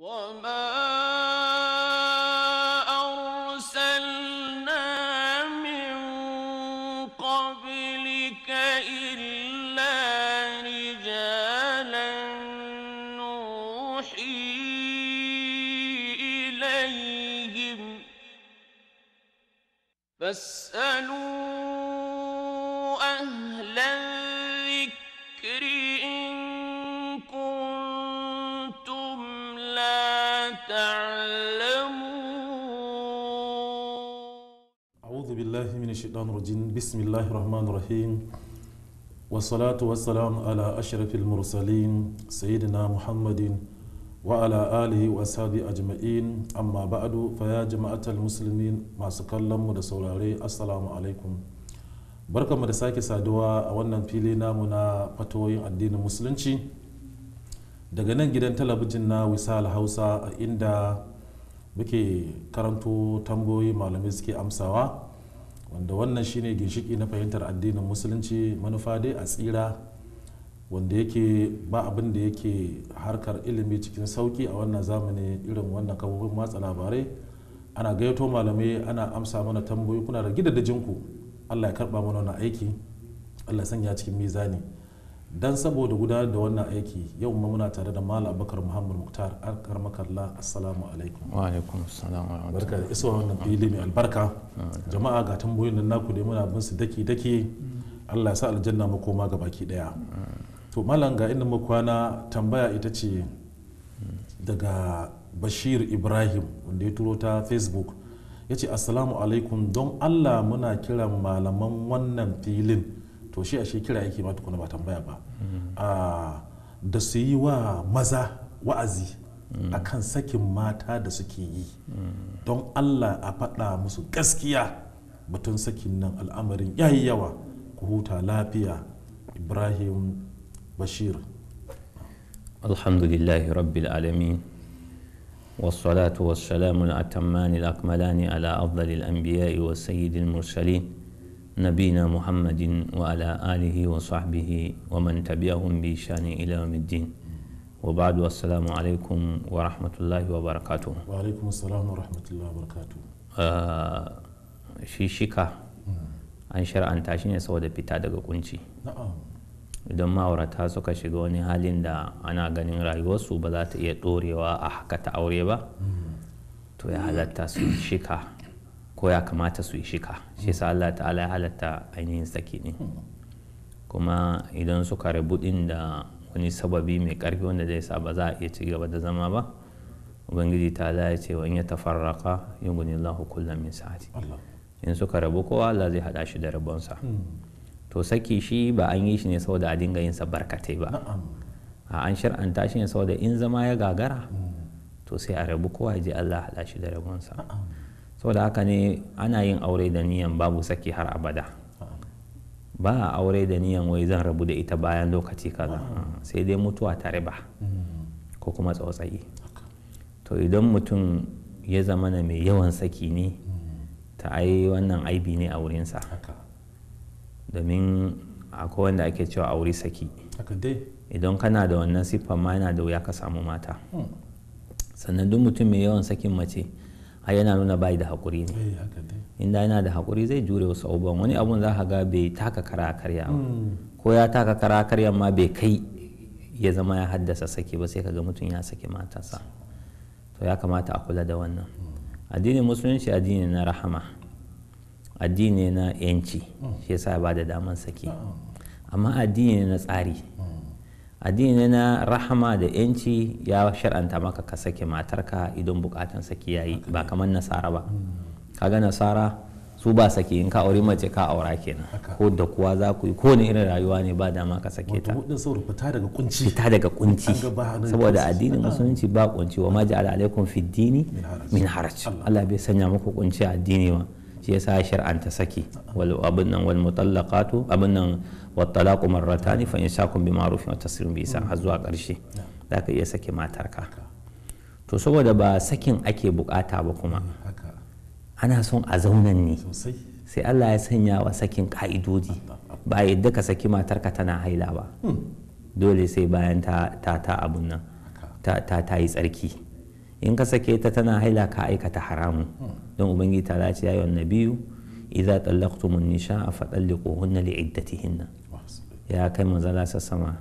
وما الشيطان الرجيم بسم الله الرحمن الرحيم والصلاة والسلام على أشرف المرسلين سيدنا محمد وعلى آله وأصحابه أجمعين أما بعد فيا جماعة المسلمين ما سكلم ودسولاري السلام عليكم barka mu da sake saduwa a wannan fili namu na fatoyin addinin musulunci daga nan gidan talabijin na wisal hausa a inda muke karanto tambayoyi malamai suke amsawa wanda wannan shine ginshiki na fahimtar addinin musulunci manufa dai a tsira wanda yake ba abin da yake harkar ilimi cikin sauki a wannan zamani irin wannan kafofin watsa labarai ana gaito malamai ana amsa mana tambayoyi kuna da gidadajinku allah ya karba mana wani aiki allah sanya cikin mizani dan saboda gudanar da wannan aiki yau ma muna tare da malam abubakar muhammad muktar arkar makalla assalamu alaikum wa alaikum assalam wa barka da isa wannan fili albarka jama'a ga tambayoyin nan naku dai muna bin su daki daki Allah ya sa aljanna mu koma ga baki daya to malam ga inda mu kwana tambaya ita ce daga bashir ibrahim wanda ya turo ta facebook ya ce assalamu alaikum don allah muna kiran malaman wannan filin to shi a kira yake ma tukuna ba tambaya ba ah, da su yi wa maza wa'azi mm. a kan sakin mata da suke yi don allah a faɗa musu gaskiya batun sakin nan al'amarin yayi yawa ku huta lafiya ibrahim bashir alhamdulillahi rabbil alamin والصلاة والسلام الأتمان الأكملان على أفضل wa وسيد المرسلين نبينا محمد وعلى آله وصحبه ومن تبعهم بشان إلى يوم الدين وبعد والسلام عليكم ورحمة الله وبركاته وعليكم السلام ورحمة الله وبركاته shi shika an shar'anta shi ne saboda fita daga kunci idan ma'aurata suka shiga wani halin da ana ganin rayuwarsu ba za ta iya ɗorewa a haka ta aure ba to ya halatta su shika ko ya kamata su yi shika shi sa Allah ta'ala ya halatta ainihin saki ne'. kuma idan suka rabu din da wani sababi mai karfi wanda zai sa ba za a iya ci gaba da zama ba ubangiji ta ya ce wa ya tafarraka yughni Allahu kullam min sa'ati in suka rabu kowa Allah zai hada shi da rabonsa to saki shi ba an yi shi ne saboda a dinga yin sa barkatai ba a an shar'anta shi ne saboda in zama ya gagara to sai a rabu kowa ya je Allah hada shi da rabonsa saboda haka ne ana yin aure da niyan babu saki har abada ba a aure da niyan wai zan rabu da ita bayan lokaci kaza sai dai mutuwa ta riba ko kuma tsautsayi to idan mutum ya zama na mai yawan saki ne ta ai wannan aibi ne a wurinsa domin akwai wanda ake cewa auri saki idan kana da wannan siffar ma yana da wuya ka samu mata hmm. sannan duk mutum mai yawan sakin mace a yana nuna bai da haƙuri ne eh, inda yana da haƙuri zai jure wasu abubuwan wani abun za ka ga bai taka kara karya ba hmm. ko ya taka kara karya ma bai kai ya zama ya haddasa saki ba sai ka ga mutum ya sake matasa to ya kamata a kula da wannan hmm. addinin musulunci addini na rahama addini na yanci hmm. shi yasa ba da daman saki amma addini na tsari addini na rahama da yanci ya shar'anta maka ka sake matarka idan bukatan saki yayi ba kamar nasara ba kaga nasara su ba saki in ka aure mace ka aura kenan ko da kuwa za ku yi ko ne irin rayuwa ne ba dama ka sake ta fita daga kunci fita daga kunci saboda addinin musulunci ba kunci wa ma ja'ala alaikum fiddini min haraj Allah bai sanya muku kunci addini ba shi yasa shar'anta saki wal abun nan wal mutallaqatu abun nan wat talaqu marratani fa insakum bi ma'rufin wa tasrim bi har zuwa karshe zaka iya sake matarka to saboda ba sakin ake bukata ba kuma mm, ana son a zaunan ne sai Allah ya sanya wa sakin ka'idodi ah, ah, ah. ba yadda ka saki matarka tana haila ba hmm. dole sai bayan ta ta abun nan ta ta yi tsarki in ka sake ta tana haila ka aikata haramu don ubangiji ta ce ya yi biyu idza tallaqtumun a fa talliquhunna li iddatihinna ya kai mazalasa sama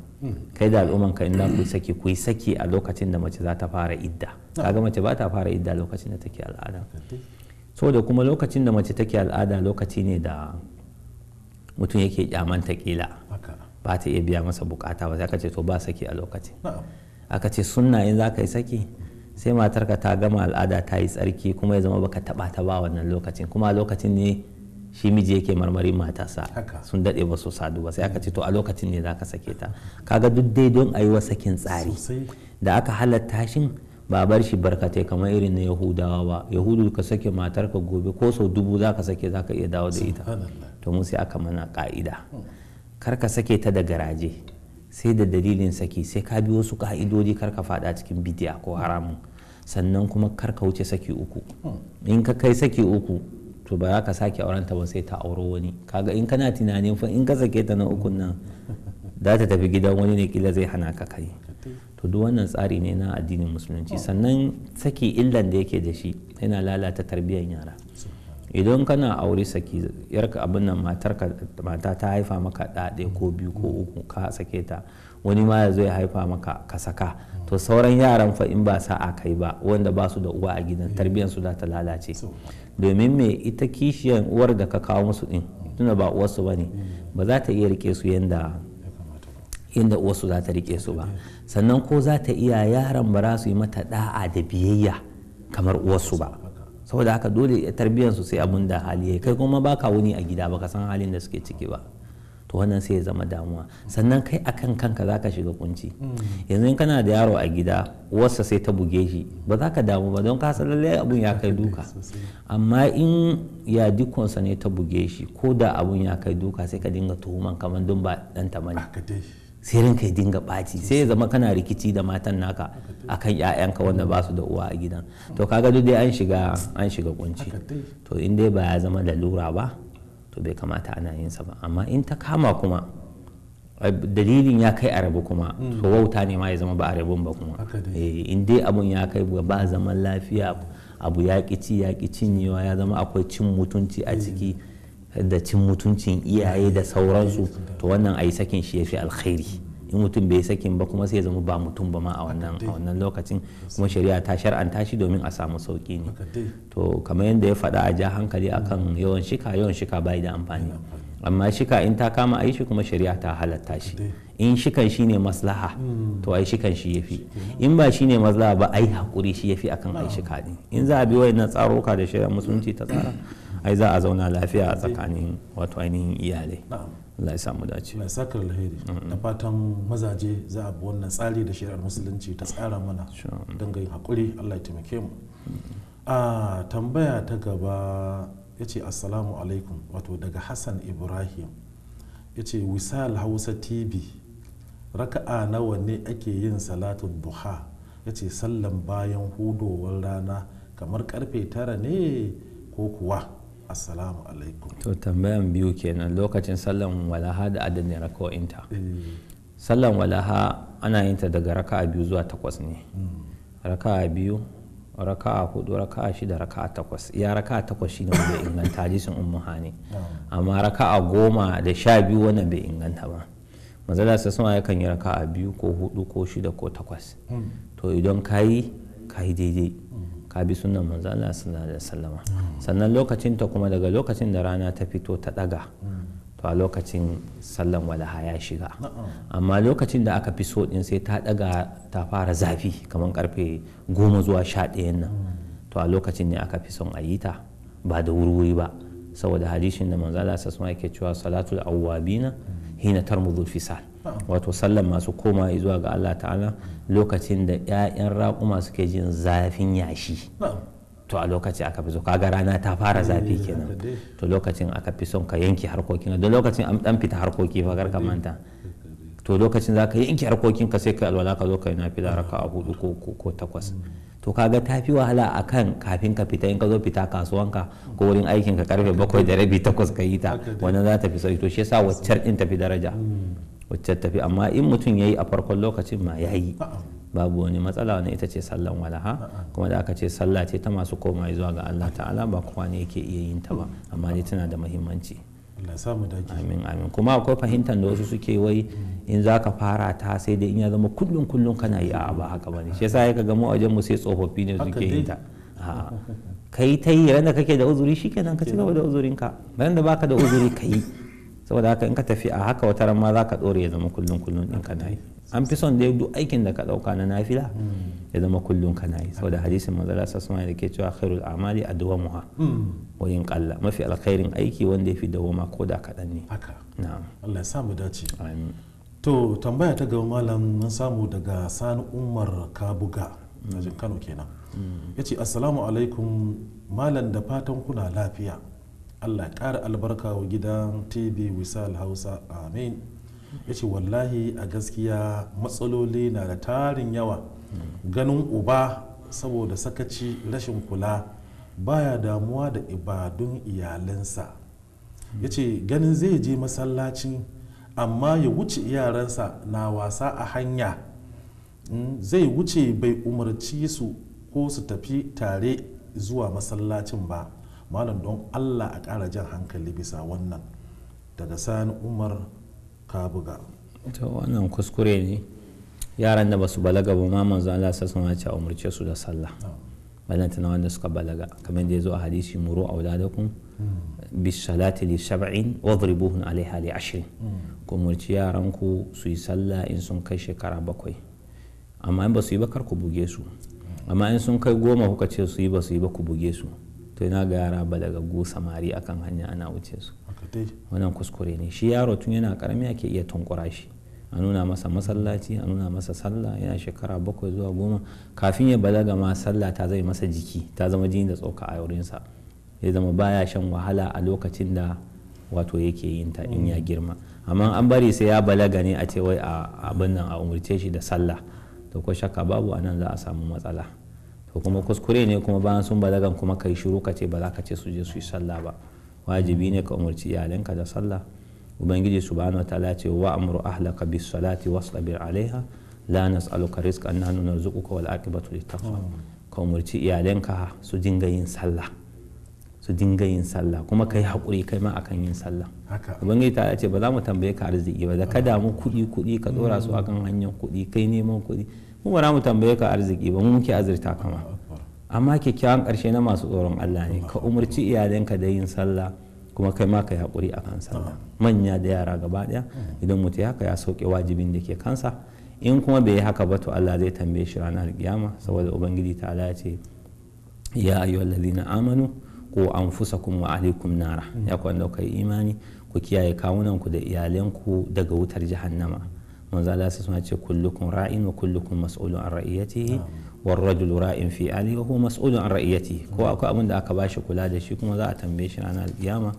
kai da al'umman ka inda ku saki ku saki a lokacin da mace za ta fara idda kaga mace ba ta fara idda lokacin da take al'ada da kuma lokacin da mace take al'ada lokaci ne da mutum yake kyamanta kila ba ta iya biya masa bukata ba sai ka ce to ba saki a lokacin aka ce sunna in za ka yi saki sai matarka ta gama al'ada ta yi tsarki kuma ya zama baka taba ta ba wannan lokacin kuma a lokacin ne shi miji yake marmarin matasa sun daɗe ba su sadu ba sai aka ce to a lokacin ne za ka sake ta kaga duk dai don a yi wa sakin tsari da aka halatta shin ba bar shi barkatai kamar irin na yahudawa ba yahudu ka sake matarka gobe ko sau dubu za ka sake za ka iya dawo da ita to mu sai aka mana ka'ida hmm. kar ka sake ta da garaje sai da dalilin saki sai ka bi wasu ka'idodi kar ka fada cikin bidiya ko haramun sannan kuma kar ka wuce saki uku hmm. in ka kai saki uku to ba za ka sake auren ta ba sai ta auro wani kaga in kana tunanin fa in ka sake ta na ukun nan za ta tafi gidan wani ne kila zai hana ka kai to duk wannan tsari ne na addinin musulunci hmm. sannan saki illan da yake da shi yana lalata tarbiyyar yara idan kana aure saki yarka abin nan mata ta haifa maka ɗaɗe ko biyu ko uku ka sake ta wani ma ya zo ya haifa maka ka saka to sauran yaran fa in ba a kai ba wanda ba su da uwa a gidan tarbiyyar su za ta lalace domin me ita kishiyan uwar da ka kawo musu din tunda ba uwarsu su bane ba za ta iya rike su yanda inda uwarsu za ta rike su ba sannan ko za ta iya yaran ba za su yi mata da'a da biyayya kamar uwarsu ba saboda haka dole tarbiyyar su sai abun da hali ya kai kuma baka wuni a gida baka san halin da suke ciki ba to wannan sai ya zama damuwa sannan kai akan kanka zaka shiga kunci mm. yanzu in kana da yaro a gida uwarsa sai ta buge shi ba za ka damu ba don ka san lallai abun ya kai duka amma in ya dikonsa ne ta buge shi ko da abun ya kai duka sai ka dinga tuhuman kamar don ba dan mani sai ranka ya dinga ɓaci sai ya zama kana rikici da matan naka a akan ‘ya’yanka wanda ba su da uwa a gidan to kaga duk dai an shiga an shiga kunci to in dai ba ya zama lalura ba to bai kamata ana yin sa ba amma in ta kama kuma dalilin ya kai a rabu kuma hmm. to wauta ne ma ya zama ba a rabun ba kuma eh, in dai abun ya kai ba zaman lafiya abu ya ƙi ci ya ƙi cinyewa ya zama akwai cin mutunci a hmm. ciki da cin mutuncin iyaye da sauransu to wannan a yi sakin shi ya fi alkhairi in mutum bai sakin ba kuma sai ya zama ba mutum ba ma a wannan lokacin kuma shari'a ta shar'anta shi domin a samu sauki ne to kamar yadda ya faɗa a ja hankali akan yawan shika yawan shika bai da amfani amma shika in ta kama a yi shi kuma shari'a ta halatta shi in shikan shi ne maslaha to ai shikan shi yafi in ba shi ne maslaha ba ai hakuri shi yafi akan ai shika din in za a bi wayannan tsaroka da shari'a musulunci ta tsara ai za a zauna lafiya a tsakanin wato ainihin iyalai Allah ya samu dace mai sakar lahiri da fatan mazaje za a bi wannan tsari da shari'ar musulunci ta tsara mana dangayin hakuri Allah ya taimake mu a tambaya ta gaba ya ce assalamu alaikum wato daga hassan ibrahim ya ce wisal hausa tv raka'a nawa ne ake yin salatun duha ya ce sallan bayan hudowar rana kamar karfe tara ne ko kuwa assalamu alaikum to tambayan biyu kenan lokacin sallan walaha da adadin raka'o'inta eh. sallan walaha ana yin ta daga raka'a biyu zuwa takwas ne hmm. raka'a biyu raka'a hudu raka'a shida raka'a takwas ya raka'a takwas shine wanda inganta hadisin ummu hani hmm. amma raka'a goma da sha biyu wannan bai inganta ba manzala sai sama yakan yi raka'a biyu ko hudu ko shida ko takwas hmm. to idan kayi kayi daidai ka bi sunan manzo Allah sallallahu alaihi wasallam sannan lokacin ta kuma daga lokacin da rana ta fito ta daga to a lokacin sallan walaha ya shiga amma lokacin da aka fi so din sai ta daga ta fara zafi kamar karfe goma zuwa sha ɗayan nan to a lokacin ne aka fi son a yi ta ba da wuri ba saboda hadisin da manzo Allah sallallahu alaihi wasallam yake cewa salatul awwabina hina tarmudul fisal wato sallan masu koma zuwa ga Allah ta'ala lokacin da 'ya'yan raƙuma suke jin zafin yashi to a lokaci aka fi so kaga rana ta fara zafi eh, kenan to lokacin aka fi son ka yanke harkokin da lokacin an dan fita harkoki fa ka manta to lokacin za ka yanke harkokin ka sai ka alwala ka zo ka yi nafila raka a hudu ko takwas to kaga ta fi wahala a kan kafin ka fita in ka zo fita kasuwanka ko wurin aikin ka karfe bakwai da rabi takwas ka yi ta wannan za ta fi sauki to shi yasa waccar din ta fi daraja hmm. wacce tafi amma in mutum ya yi a farkon lokacin ma ya yi babu wani matsala wani ita ce sallan walaha kuma da aka ce sallah ce ta masu koma zuwa ga Allah ta'ala ba kowa ne yake iya yin ta ba amma dai tana da muhimmanci amin amin kuma akwai fahimtar da wasu suke wai in zaka fara ta sai dai in ya zama kullum kullum kana yi a ba haka bane shi yasa ka ga mu a wajen mu sai tsofaffi ne suke yin ta kai ta yi ran kake da uzuri shikenan ka ci gaba da uzurinka ran da baka da uzuri ka yi saboda haka in ka tafi a haka wata ma za ka ɗore ya zama kullum kullum ɗin ka nayi an fi son dai duk aikin da ka ɗauka na nafila hmm. ya zama kullum ka nayi saboda hadisin manzala sa suna da ke cewa khairul amali adwamuha hmm. wa in qalla mafi alkhairin aiki wanda ya fi dawoma ko da kaɗan ne haka na'am Allah ya samu dace to tambaya ta gaba malam mun samu daga sani umar kabuga na kano kenan hmm. ya ce assalamu alaikum malam da fatan kuna lafiya allah ƙara albarka wa gidan tv wisal hausa amin ya ce wallahi a gaskiya matsaloli na da tarin yawa ganin uba saboda sakaci rashin kula baya damuwa da ibadun iyalansa ya ce ganin zai je masallacin amma ya wuce yaransa na wasa a hanya hmm, zai wuce bai umarci su ko su tafi tare zuwa masallacin ba malam don allah a ƙara jan hankali bisa wannan daga sani umar kabuga ta wannan kuskure ne yaran da ba su balaga ba ma manzo allah sassan wace a umarce su da sallah balanta wanda suka balaga kamar da ya zo a hadisi muru auladakum hmm. bisalati li sab'in buhun alaiha li ashirin hmm. ku umarci yaranku su yi sallah in sun kai shekara bakwai amma in ba su yi ba kar ku buge su hmm. amma in sun kai goma kuka ce su yi ba su yi ba ku buge su to yana ga yara balagaggu samari akan hanya ana wuce su wannan kuskure ne shi yaro tun yana karami ake iya tunkura shi a nuna masa masallaci a nuna masa sallah yana shekara bakwai zuwa goma kafin ya balaga ma sallah ta zai masa jiki ta zama jini da tsoka a sa ya zama baya shan wahala a lokacin da wato yake yin ta in ya mm. girma amma an bari sai ya balaga ne a ce wai a abin nan a umurce shi da sallah to ko shakka babu anan za a samu matsala to kuma kuskure ne kuma bayan sun balagan kuma kai shiru ka ce ba za ka ce su je su yi sallah ba wajibi ne ka umarci iyalinka da sallah ubangiji subhanahu wataala ce wa amru ahlaka bis salati wasbir alaiha la nas'aluka rizqan nahnu narzuquka wal aqibatu littaqwa oh. ka umarci iyalinka su dinga yin sallah su dinga yin sallah kuma kai haƙuri kai ma akan yin sallah ubangiji ta ce ba za mu tambaye ka arziki ba da ka oh. damu kuɗi kuɗi ka ɗora su akan hanyar kuɗi kai neman kuɗi mu ba mu tambaye ka arziki ba mu muke azurta kama amma kyakkyawan ƙarshe na masu tsoron Allah ne ka umarci iyalanka da yin sallah kuma kai ma ka yi haƙuri a kan sallah manya da yara gaba ɗaya idan mutum haka ya sauke wajibin da ke kansa in kuma bai yi haka ba to Allah zai tambaye shi ranar kiyama saboda ubangiji ta ya ce ya ayyuhallazina amanu ko anfusakum wa alaikum nara ya kwanda kai imani ku kiyaye kawunan ku da ku daga wutar jahannama manzo Allah sai ce kullukum ra'in wa kullukum mas'ulun an ra'iyatihi war rajulu ra'in fi ali wa huwa mas'ulun an ra'iyatihi ko akwai abin da aka bashi kula da shi kuma za a tambaye shi ranar alkiyama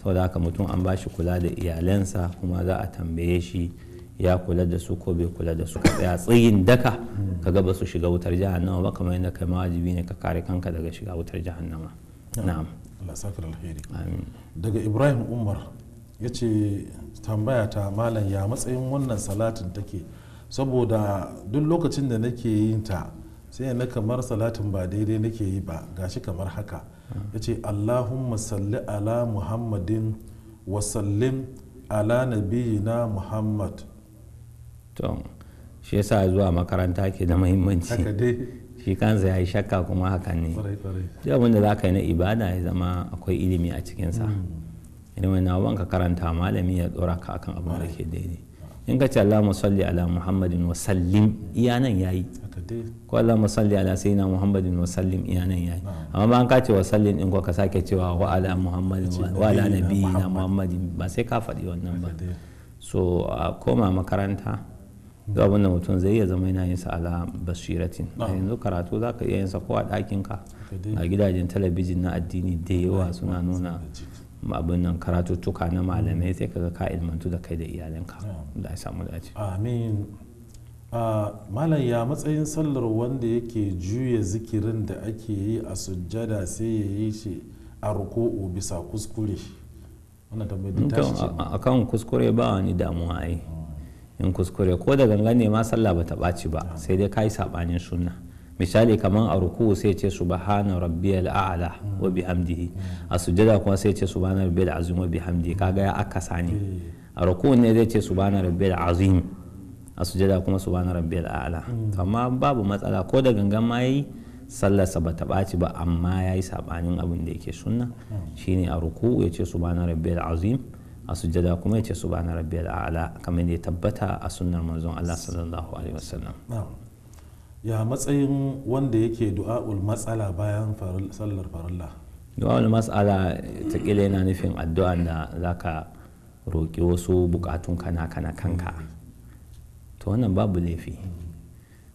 saboda haka mutum an bashi kula da iyalansa kuma za a tambaye shi ya kula da su ko bai kula da su ka tsaya tsayin daka hmm. ka ga ba su shiga wutar jahannama ba kamar yadda kai mawajibi ne ka kare kanka daga shiga wutar jahannama na'am Allah saka alheri daga Ibrahim Umar ya ce tambaya ta malam ya matsayin wannan salatin take saboda duk lokacin da nake yin ta sai na kamar salatin ba daidai nake yi ba gashi kamar haka ya ce allahumma salli ala muhammadin wa sallim ala nabiyina muhammad shi yasa zuwa makaranta ke da mahimmanci shi kansa ya yi shakka kuma hakan ne duk abin za ka yi na ibada ya zama akwai ilimi a cikinsa hmm. idan wani abubuwan ka karanta malami ya tsora ka akan abin da ke daidai in ka ce Allah musalli ala Muhammadin wa sallim iya nan yayi ko Allah musalli ala sayyidina Muhammadin wa sallim iya nan yayi amma ba an ka ce wa sallim in ko ka sake cewa wa ala Muhammadin wa ala nabiyina Muhammadin ba sai ka faɗi wannan ba so a koma makaranta zuwa da mutum zai iya zama yana yin sa ala basiratin yanzu karatu za ka iya yin sa ko a ɗakin ka a gidajen talabijin na addini da yawa suna nuna abin nan karatuttuka na malamai sai kaga ka ilmantu da kai da iyalinka da ya samu dace amin malam ya matsayin sallar wanda yake juya zikirin da ake yi a sujjada sai ya yi shi a ruku'u bisa kuskure wannan tashi ce a kan kuskure ba wani damuwa yi in kuskure ko da gangane ma sallah bata ɓaci ba sai dai ka yi saɓanin sunna misali kamar a ruku sai ce subhana rabbiyal a'la wa bihamdihi a sujada kuma sai ce subhana rabbiyal azim wa bihamdihi kaga ya aka sani a ruku ne zai ce subhana rabbiyal azim a sujada kuma subhana rabbiyal a'la amma babu matsala ko da gangan ma yi sallasa ba ta ɓaci ba amma yayi sabanin abin da yake sunna shine a ruku ya ce subhana rabbiyal azim a sujada kuma ya ce subhana rabbiyal a'la kamar da ya tabbata a sunnar manzon Allah sallallahu alaihi wasallam ya matsayin wanda yake du'a'ul matsala bayan sallar farilla du'a'ul matsala ta yana nufin addu'a da za ka roƙi wasu bukatun kana kana kanka to wannan babu laifi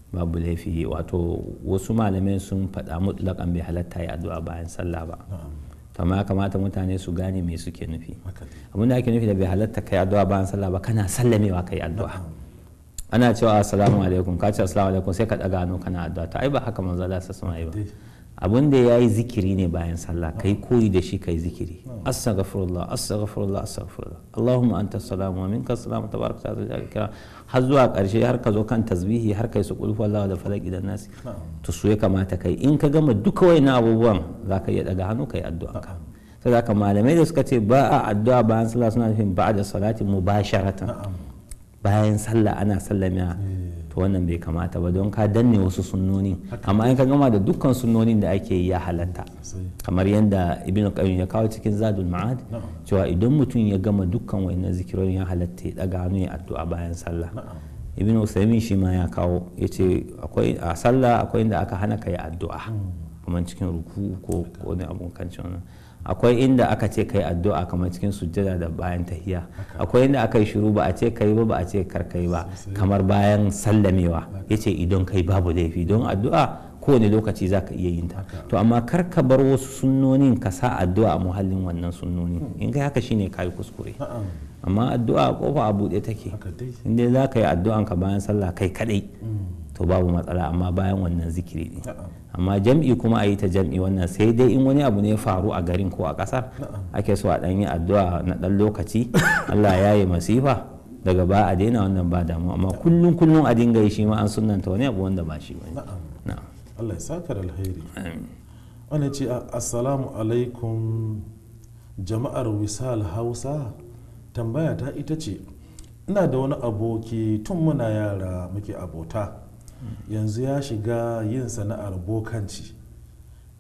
babu laifi wato wasu malamai sun faɗa mutlaƙan bai halatta yi addu'a bayan sallah ba amma ya kamata mutane su gane me suke nufi abinda ake nufi da bai halatta kai addu'a bayan sallah ba kana sallamewa kai addu'a ana cewa assalamu alaikum ka ce assalamu alaikum sai ka daga hannu kana addu'a ta ai ba haka manzo Allah sallallahu alaihi wasallam abun da yayi zikiri ne bayan sallah kai koyi da shi kai zikiri astaghfirullah astaghfirullah astaghfirullah allahumma anta salamu wa minka salamu tabaraka ta'ala jalika har zuwa karshe har ka zo kan tasbihi har kai su qul huwallahu da falaq idan nas to su ya kamata kai in ka gama duka wayannan abubuwan zaka iya daga hannu kai addu'a ka sai zaka malamai da suka ce ba a addu'a bayan sallah suna nufin ba'da salati mubasharatan bayan sallah ana sallamiya to wannan bai kamata ba don ka danne wasu sunnonin amma in ka gama da dukkan sunnonin da ake yi ya halatta kamar yadda ibn qayyim ya kawo cikin zadul ma'ad cewa idan mutum ya gama dukkan wayannan zikirorin ya halatta ya daga hannu ya addu'a bayan sallah ibn usaymin shi ma ya kawo ya ce a sallah akwai inda aka hana ka yi addu'a hmm. kamar cikin ruku ko wani abun kan wannan akwai inda aka ce kai addu'a kamar cikin sujjada da bayan tahiya akwai inda aka yi shiru ba a ce kai ba ba a ce kar kai ba kamar bayan sallamewa yace idan kai babu laifi don addu'a kowane lokaci za ka iya yin ta to amma kar ka bar wasu sunnonin ka sa addu'a a muhallin wannan sunnoni hmm. in kai haka shine kai kuskure amma addu'a a kofa a buɗe take inda za ka yi addu'an ka bayan sallah kai kadai mm. to babu matsala amma bayan wannan zikiri ne amma jam'i kuma a yi ta jam'i wannan sai dai in wani abu ne faru a garin ko a ƙasar ake so a ɗan yi addu'a na ɗan lokaci allah ya yi masifa daga ba a daina wannan ba damu amma kullum kullum a dinga yi shi ma an sunanta wani abu wanda ba shi ba Allah ya saka da alheri wani ce assalamu alaikum jama'ar wisal hausa tambaya ta ita ce ina da wani aboki tun muna yara muke abota yanzu ya shiga yin sana'ar bokanci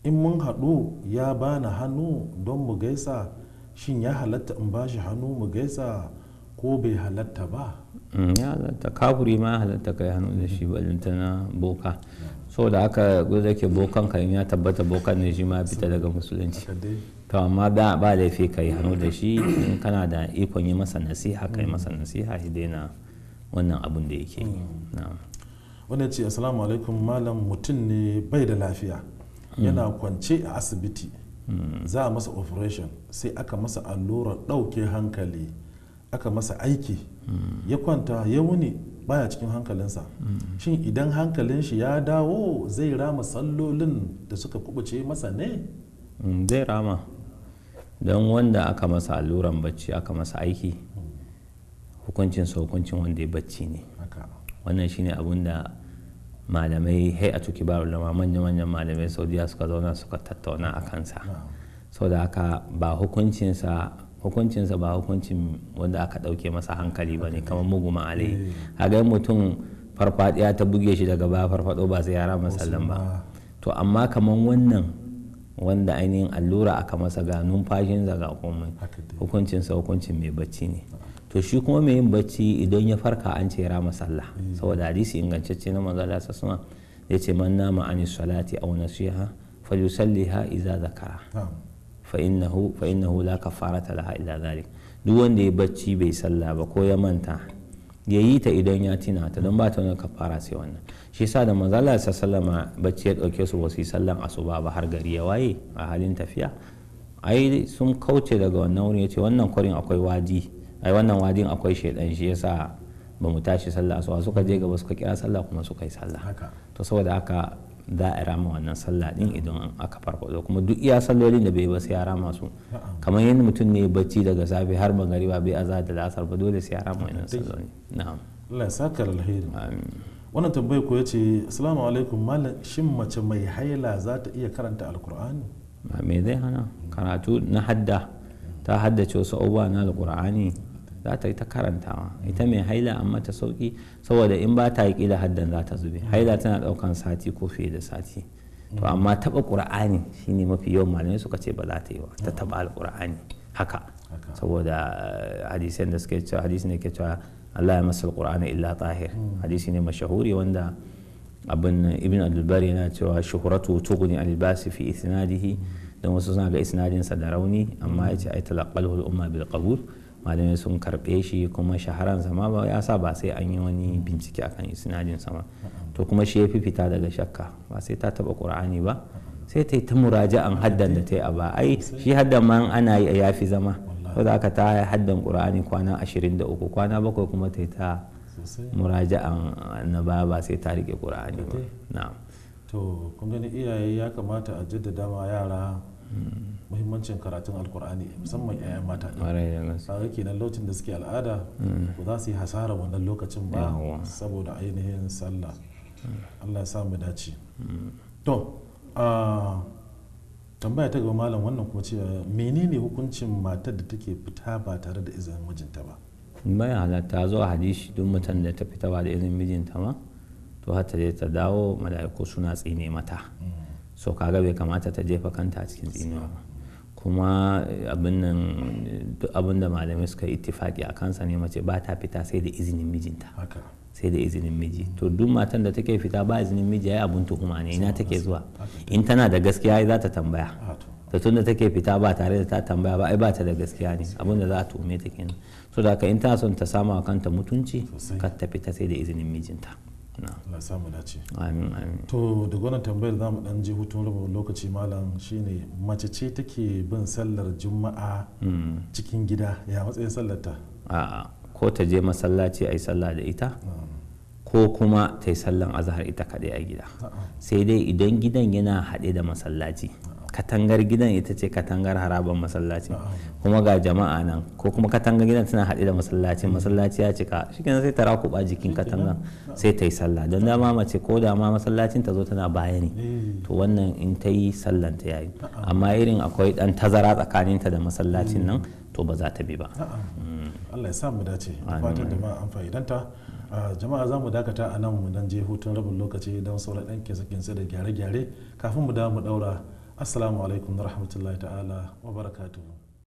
in mun haɗu ya bani hannu don mu gaisa shin ya halatta in ba shi hannu mu gaisa ko bai halatta ba mm, ya halatta kafuri ma halatta kai hannu da shi balinta na boka saboda haka gudu ke bokan kan ya tabbata bokan ne shi ma fita daga musulunci to amma da ba laifi ka yi hannu da shi in kana da ikon yi masa nasiha ka yi masa nasiha shi daina wannan abun da yake yi wanda ce assalamu alaikum malam mutum ne bai da lafiya yana kwance a asibiti hmm. za a masa operation sai aka masa allurar ɗauke hankali aka masa aiki hmm. ya kwanta ya wuni baya cikin hankalinsa hmm. shin idan hankalin shi ya dawo zai rama sallolin da suka kubuce masa ne zai rama don wanda aka masa alluran bacci aka masa aiki hukuncin sa hukuncin wanda ya bacci ne wannan shine abun da malamai hay'atu baro ulama manyan manyan malamai saudiya suka zauna suka tattauna a kansa sau da haka ba hukuncinsa hukuncinsa ba hukuncin wanda aka ɗauke masa hankali ba ne kamar mugu ma'alai eh. hagan mutum farfadiya ta buge shi daga baya farfado ba sai yara masallan ba to amma kamar wannan wanda ainihin allura aka masa ga numfashin ga komai hukuncinsa hukuncin mai bacci ne to shi kuma mai yin bacci idan ya farka an ce rama sallah eh. saboda hadisi ingantacce na manzo Allah sasuna ya ce man nama an salati aw nasiha falyusalliha idza zakara fa innahu fa innahu la kafarata laha illa dhalik duk wanda ya bacci bai sallah ba ko ya manta ya yi ta idan ya tina ta don ba ta wani kafara sai wannan shi yasa da manzala sa sallama bacci ya dauke su wasu sallan asuba ba har gari ya waye a halin tafiya ai sun kauce daga wannan wurin ce wannan kwarin akwai wadi ai wannan wadin akwai shedan shi yasa ba mu tashi sallah asuba suka je gaba suka kira sallah kuma suka yi sallah to saboda haka za a rama wannan sallah din idan aka farko farfado kuma duk iya sallolin da bai ba sai ya rama su kamar yadda mutum ne bacci daga safe har magariba bai aza da lasar ba dole sai ya rama wannan sallolin na'am Allah ya saka alheri amin wannan tambayar ko yace assalamu alaikum malam shin mace mai haila za ta iya karanta alqur'ani me zai hana karatu na hadda ta haddace wasu abubuwa na alqur'ani za ta yi ta karantawa ita mai haila amma ta sauki saboda in ba ta yi kila haddan za ta zube haila tana ɗaukan sati ko fiye da sati to amma taɓa qur'ani shine mafi yawan malamai suka ce ba za ta yi ba ta taba alqur'ani haka saboda eh, hadisan da suke cewa hadisi ne ke cewa Allah ya masa alqur'ana illa tahir hmm. hadisi ne mashahuri wanda abin ibn abdulbari yana cewa shuhuratu tughni albasi fi isnadihi dan wasu suna ga isnadinsa da rauni amma yace ce ai talaqalahu al-umma bil qabul malamai sun karɓe shi kuma shaharar sama ba ya sa ba sai an yi wani bincike akan isnadin sama to kuma shi ya fi fita daga shakka ba sai ta taba qur'ani ba sai ta yi ta muraja'an haddan da ta yi a ba ai shi haddan ma ana yi ya fi zama ko da aka ta haddan qur'ani kwana 23 kwana bakwai kuma ta yi ta muraja'an na ba ba sai ta rike ƙur'ani ba na'am to kun gani iyaye ya kamata a jaddada ma yara muhimmancin karatun alkur'ani musamman 'ya'yan mata ke kenan lokacin da suke al'ada mm. ba za su yi hasara wannan lokacin ba saboda ainihin sallah mm. allah ya mu dace mm. to tambaya ta gaba malam wannan kuma cewa menene hukuncin matar da take fita ba tare da izinin mijinta ba bayan halatta zo hadishi duk mutum da ta fita ba da izinin mijinta ma to hatta dai ta dawo mala'iku suna tsine mata so kaga bai kamata ta jefa kanta a cikin tsinuwa ba kuma eh, abin da malamai suka yi ittifaki a kansa ne mace ba ta fita sai da izinin mijinta sai da izinin miji to duk matan da take fita ba izinin miji ya abun tuhuma ne ina take zuwa in tana da gaskiya za ta tambaya ta da take fita ba tare da ta tambaya ba ai ba ta da gaskiya ne abin da za a tuhume ta kenan so da in ta son ta sama kanta mutunci ka ta fita sai da izinin mijinta Allah samu dace to da wannan tambayar za mu dan ji hutun rabin lokaci malam shine mace ce take bin sallar juma'a hmm. cikin gida ya matsayin sallarta a'a ko ta je masallaci ayi sallah da ita hmm. ko kuma ta yi sallan azahar ita kaɗai a gida sai dai idan gidan yana haɗe da masallaci katangar gidan ita ce katangar haraban masallaci kuma ga jama'a nan ko kuma katangar gidan tana haɗe da masallaci masallaci ya cika shi kenan sai ta rakuɓa jikin katangar sai ta yi sallah don dama mace ko da ma masallacin ta zo tana baya ne eh. to wannan in ta yi sallan ta yayi amma irin akwai ɗan tazara tsakaninta da masallacin nan mm. to ba za ta bi ba mm. Allah ya sa mu dace fatan ma an fa'idanta ah, jama'a za mu dakata a nan mu dan je hutun rabin lokaci don sauran ɗan kinsa da gyare-gyare kafin mu da mu ɗaura assalamu alaikum rahmatullahi ta'ala wa barakatuhu